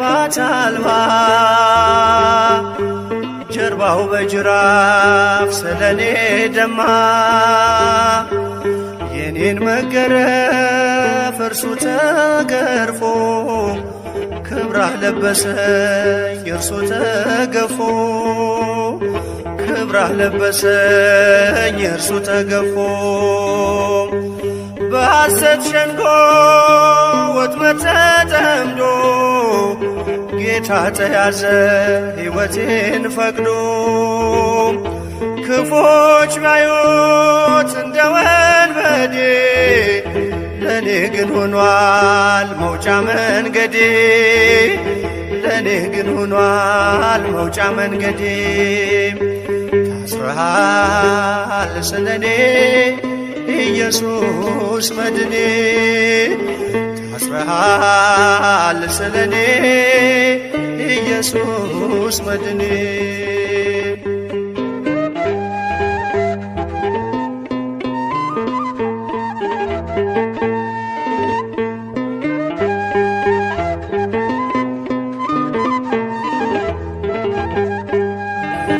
ቅባት አልባ ጀርባው በጅራፍ ስለኔ ደማ የኔን መገረፍ እርሱ ተገርፎ ክብራህ ለበሰኝ እርሱ ተገፎ ክብራህ ለበሰኝ እርሱ ተገፎ በሐሰት ሸንጎ ወጥመድ ተጠምዶ ጌታ ተያዘ ሕይወቴን ፈቅዶ ክፎች ባዩት እንደ ወንበዴ ለእኔ ግን ሆኗል መውጫ መንገዴ ለእኔ ግን ሆኗል መውጫ መንገዴ ታስረሃል ስለኔ ኢየሱስ መድኔ ታስረሃል ስለኔ ኢየሱስ መድኔ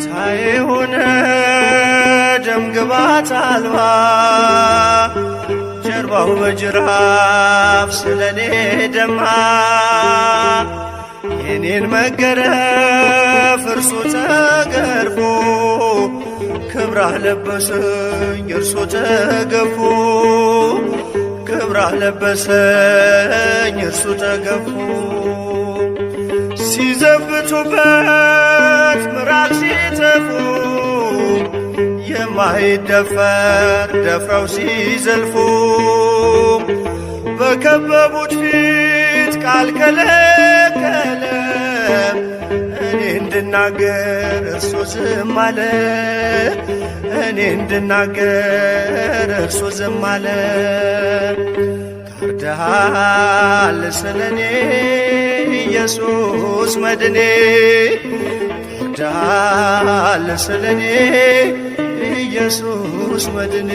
ሳይሆነ ደምግባት አልባ ጀርባው በጅራፍ ስለኔ ደማ የኔን መገረፍ እርሶ ተገርፎ ክብራህ ለበሰኝ እርሶ ተገፎ ክብራ ለበሰኝ እርሱ ተገፎ ሲዘብቱበት ምራቅ ሲተፉ የማይደፈር ደፍረው ሲዘልፉ በከበቡት ፊት ቃል ከለ እኔ እንድናገር እርሱ ዝም አለ። እኔ እንድናገር እርሱ ዝም አለ። ታርደሃል ስለኔ ኢየሱስ መድኔ ታርደሃል ስለኔ ኢየሱስ መድኔ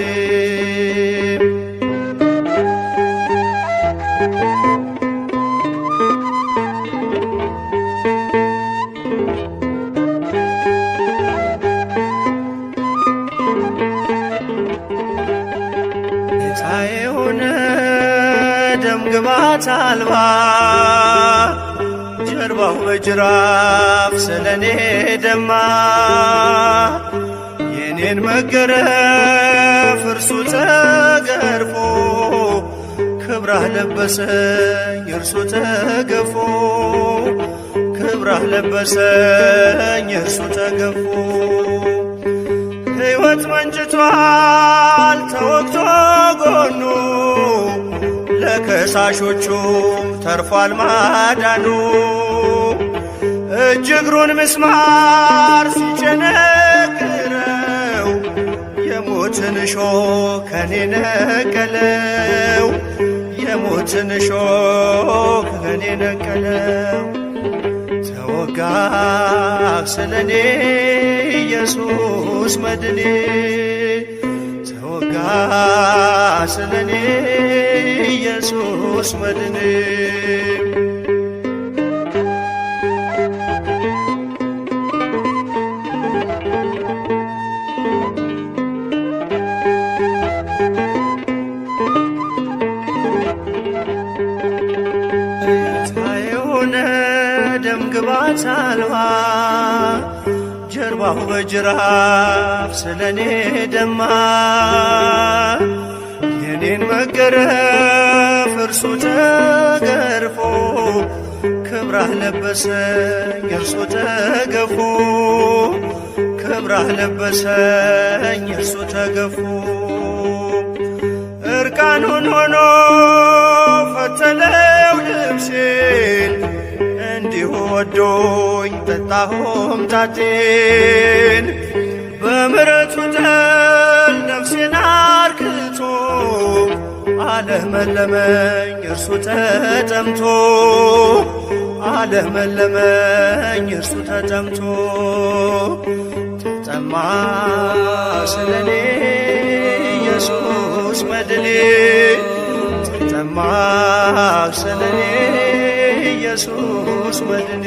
መግባት አልባ ጀርባው በጅራፍ ስለኔ ደማ የኔን መገረፍ እርሱ ተገርፎ ክብራህ ለበሰኝ እርሱ ተገፎ ክብራህ ለበሰኝ እርሱ ተገፎ ሕይወት መንጭቷል ተወቅቶ ከሳሾቹ ተርፏል ማዳኑ እጅ እግሩን ምስማር ሲጨነግረው የሞትን ሾህ ከኔ ነቀለው የሞትን ሾህ ከኔ ነቀለው ተወጋ ስለኔ ኢየሱስ መድኔ ተወጋ ስለኔ ኢየሱስ መድን ደምግባት አልባ ጀርባው በጅራፍ ስለኔ ደማ እኔን መገረፍ እርሱ ተገርፎ ክብራህ ለበሰኝ እርሱ ተገፎ ክብራህ ለበሰኝ እርሱ ተገፎ እርቃኑን ሆኖ ፈተለው ልብሴን እንዲሁ ወዶኝ ጠጣሁም ጣቴን በምረቱ ተ አለመለመኝ እርሱ ተጠምቶ አለመለመኝ እርሱ ተጠምቶ ተጠማ ስለኔ ኢየሱስ በድኔ ተጠማ ስለኔ ኢየሱስ በድኔ